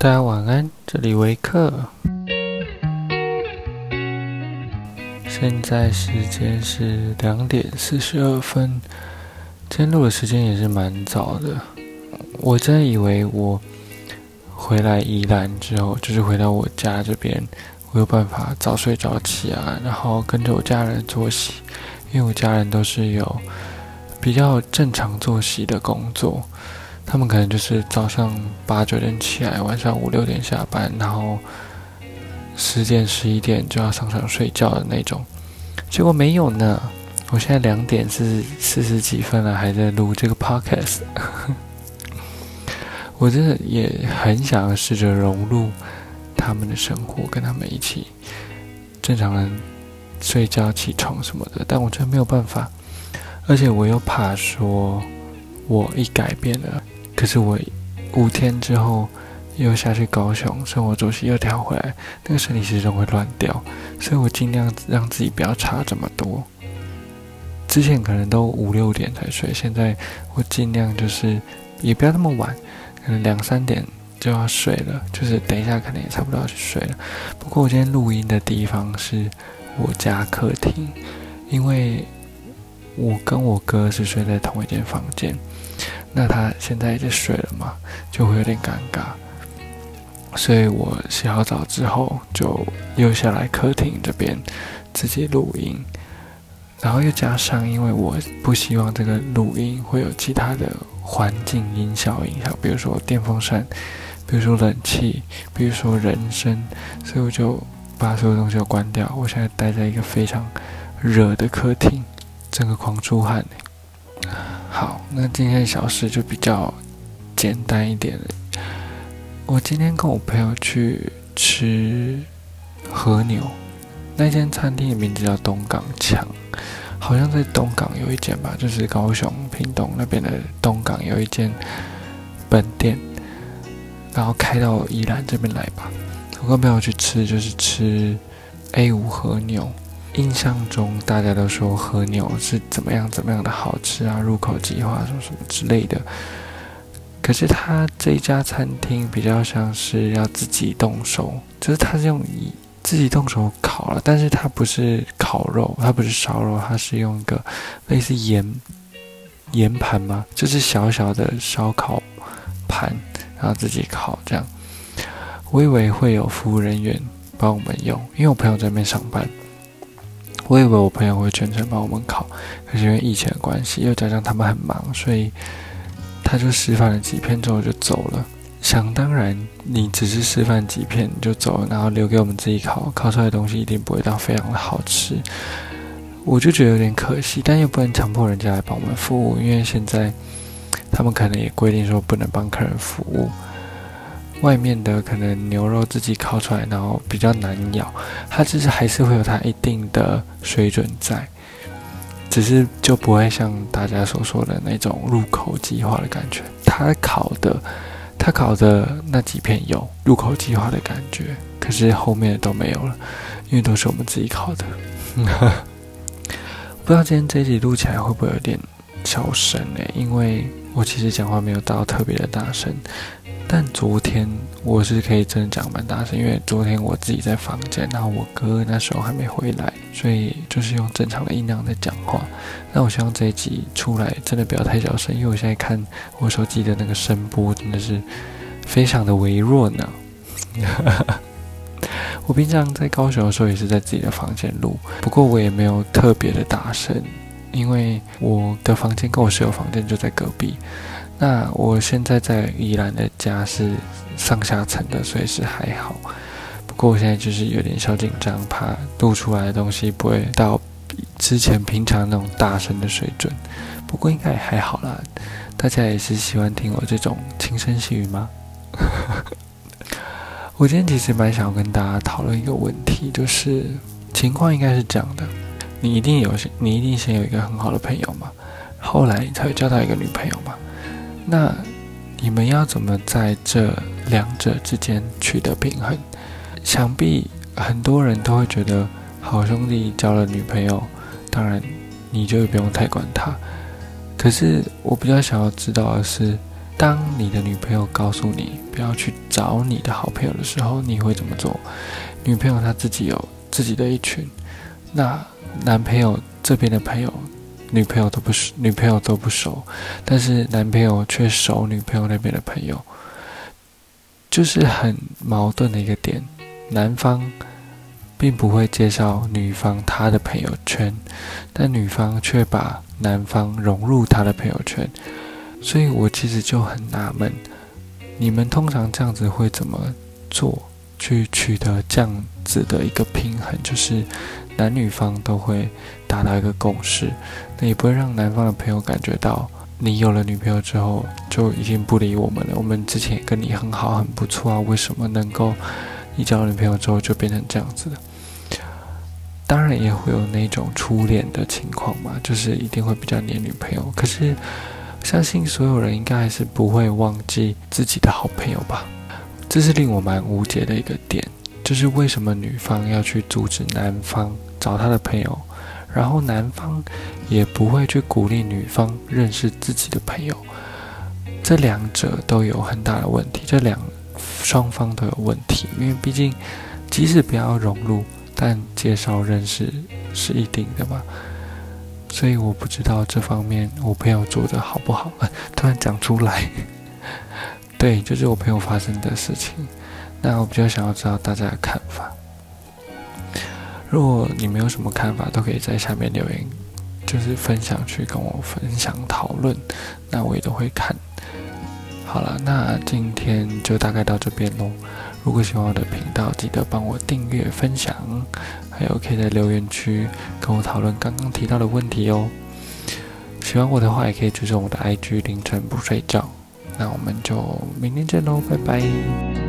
大家晚安，這裡維克。現在時間是兩點四十二分，今天錄的時間也是蠻早的。我真的以為我回來宜蘭之後，就是回到我家這邊，我有辦法早睡早起啊，然後跟着我家人作息，因為我家人都是有比較正常作息的工作。他們可能就是早上八九點起來，晚上五六點下班，然後十點十一點就要上床睡覺的那種。結果沒有呢，我現在兩點是四十幾分了，還在錄這個 podcast。 我真的也很想試着融入他們的生活，跟他們一起正常人睡覺起床什麼的，但我真的沒有辦法，而且我又怕說，我一改變了。可是我五天之後又下去高雄，所以我作息又調回來，那個身體時鐘會亂掉，所以我盡量讓自己不要差這麼多。之前可能都五六點才睡，現在我盡量就是也不要那麼晚，可能兩三點就要睡了，就是等一下可能也差不多要去睡了。不過我今天錄音的地方是我家客廳，因為我跟我哥是睡在同一間房間。那他現在已經睡了嘛，就會有點尷尬。所以我洗好澡之後，就又下來客廳這邊自己錄音。然後又加上，因為我不希望這個錄音會有其他的環境音效影響，比如說電風扇，比如說冷氣，比如說人聲，所以我就把所有東西都關掉，我現在待在一個非常熱的客廳，整個狂出汗。好，那今天的小事就比較簡單一點。我今天跟我朋友去吃和牛，那間餐廳的名字叫東港強，好像在東港有一間吧，就是高雄屏東那邊的東港有一間本店，然後開到宜蘭這邊來吧。我跟朋友去吃就是吃 A5 和牛。印象中大家都說和牛是怎麼樣怎麼樣的好吃啊，入口即化，什麼什麼之類的。可是他這一家餐廳比較像是要自己動手，就是他是用自己動手烤了啊，但是它不是烤肉，它不是燒肉，它是用一個類似鹽鹽盤嘛，就是小小的燒烤盤，然後自己烤這樣。我以為會有服務人員幫我們用，因為我朋友在那邊上班。我以為我朋友會全程幫我們烤，可是因為疫情的關係，又加上他們很忙，所以他就示範了幾片之後就走了。想當然，你只是示範幾片你就走了，然後留給我們自己烤，烤出來的東西一定不會到非常的好吃。我就覺得有點可惜，但又不能強迫人家來幫我們服務，因為現在他們可能也規定說不能幫客人服務。外面的可能牛肉自己烤出來，然後比較難咬，它就是還是會有它一定的水準在，只是就不會像大家所說的那種入口即化的感覺。它烤的，它烤的那幾片有入口即化的感覺，可是後面的都沒有了，因為都是我們自己烤的。 不知道今天這一集錄起來會不會有點小聲誒、欸？因為我其實講話沒有到特別的大聲。但昨天我是可以真的講的蠻大聲，因為昨天我自己在房間，然後我哥那時候還沒回來，所以就是用正常的音量在講話。那我希望這一集出來真的不要太小聲，因為我現在看我手機的那個聲波真的是非常的微弱呢。 我平常在高雄的時候也是在自己的房間錄，不過我也沒有特別的大聲，因為我的房間跟我室友房間就在隔壁。那我現在在宜蘭的家是上下層的，所以是還好。不過我現在就是有點小緊張，怕錄出來的東西不會到比之前平常那種大聲的水準。不過應該也還好啦，大家也是喜歡聽我這種輕聲細語嗎？ 我今天其實蠻想要跟大家討論一個問題，就是情況應該是這樣的：你一定有，你一定先有一個很好的朋友嘛，後來才會交到一個女朋友嘛。那你們要怎麼在這兩者之間取得平衡？想必很多人都會覺得，好兄弟交了女朋友，當然你就不用太管他。可是我比較想要知道的是，當你的女朋友告訴你不要去找你的好朋友的時候，你會怎麼做？女朋友她自己有自己的一群，那男朋友這邊的朋友。女朋友都不熟，女朋友都不熟，但是男朋友卻熟女朋友那邊的朋友，就是很矛盾的一個點。男方並不會介紹女方他的朋友圈，但女方卻把男方融入她的朋友圈，所以我其實就很納悶，你們通常這樣子會怎麼做去取得這樣子的一個平衡？就是。男女方都會達到一個共識，那也不會讓男方的朋友感覺到你有了女朋友之後就已經不理我們了。我們之前跟你很好很不錯啊，為什麼能夠一交女朋友之後就變成這樣子的？當然也會有那種初戀的情況嘛，就是一定會比較黏女朋友。可是相信所有人應該還是不會忘記自己的好朋友吧，這是令我蠻無解的一個點。就是為什麼女方要去阻止男方找他的朋友，然後男方也不會去鼓勵女方認識自己的朋友，這兩者都有很大的問題，這兩雙方都有問題，因為畢竟即使不要融入，但介紹認識是一定的嘛，所以我不知道這方面我朋友做得好不好，突然講出來，對，就是我朋友發生的事情。那我比較想要知道大家的看法。如果你沒有什麼看法，都可以在下面留言，就是分享區跟我分享討論，那我也都會看。好了，那今天就大概到這邊嘍。如果喜歡我的頻道，記得幫我訂閱、分享，還有可以在留言區跟我討論剛剛提到的問題哦、喔。喜歡我的話，也可以追蹤我的 IG 凌晨不睡覺。那我們就明天見嘍，拜拜。